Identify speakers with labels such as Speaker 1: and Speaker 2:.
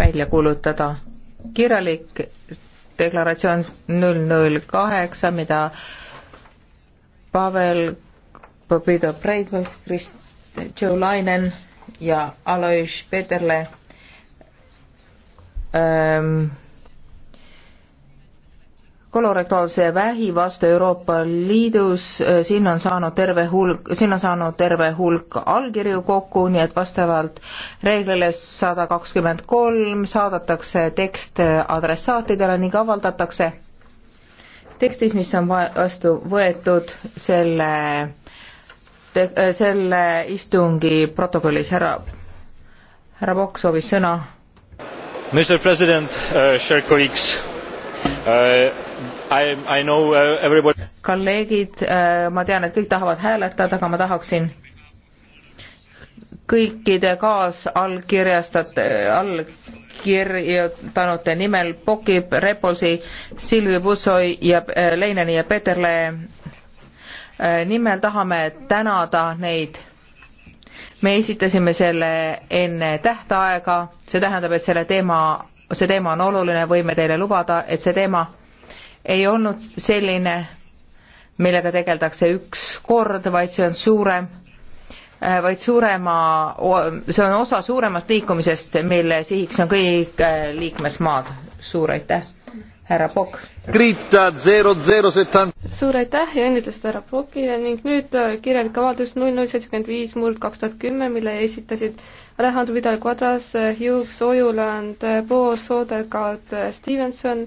Speaker 1: välja kuulutada kirjalik deklaratsioon null null kaheksa, mida Pavel Popido Breivik, Krist-, Joe Lainen ja Alois Peterle ähm, kolorektaalse vähi vastu Euroopa Liidus, äh, siin on saanud terve hulk, siin on saanud terve hulk allkirju kokku, nii et vastavalt reeglile sada kakskümmend kolm saadetakse tekst äh, adressaatidele ning avaldatakse tekstis, mis on vastu võetud selle, äh, selle istungi protokollis, härra, härra Pokk soovis sõna. Mr President uh,, share colleagues uh,. Uh, everybody... kolleegid, äh, ma tean, et kõik tahavad hääletada, aga ma tahaksin kõikide kaasallkirjastajate, allkirjutanute nimel Pokib, Repolsi, Silvi Bussoi ja äh, Leineni ja Peterle äh, nimel tahame tänada neid. me esitasime selle enne tähtaega, see tähendab, et selle teema, see teema on oluline, võime teile lubada, et see teema ei olnud selline, millega tegeldakse üks kord, vaid see on suurem, äh, vaid suurema, see on osa suuremast liikumisest, mille sihiks on kõik äh, liikmesmaad. suur aitäh, härra Pokk!
Speaker 2: suur aitäh ja õnnitlused härra Pokile ning nüüd äh, kirjalik avaldus null null seitsekümmend viis muld kaks tuhat kümme, mille esitasid Alejandro Vidal Cuadras, Hughes, Ojuland, Poor, Sodergaard, Stevenson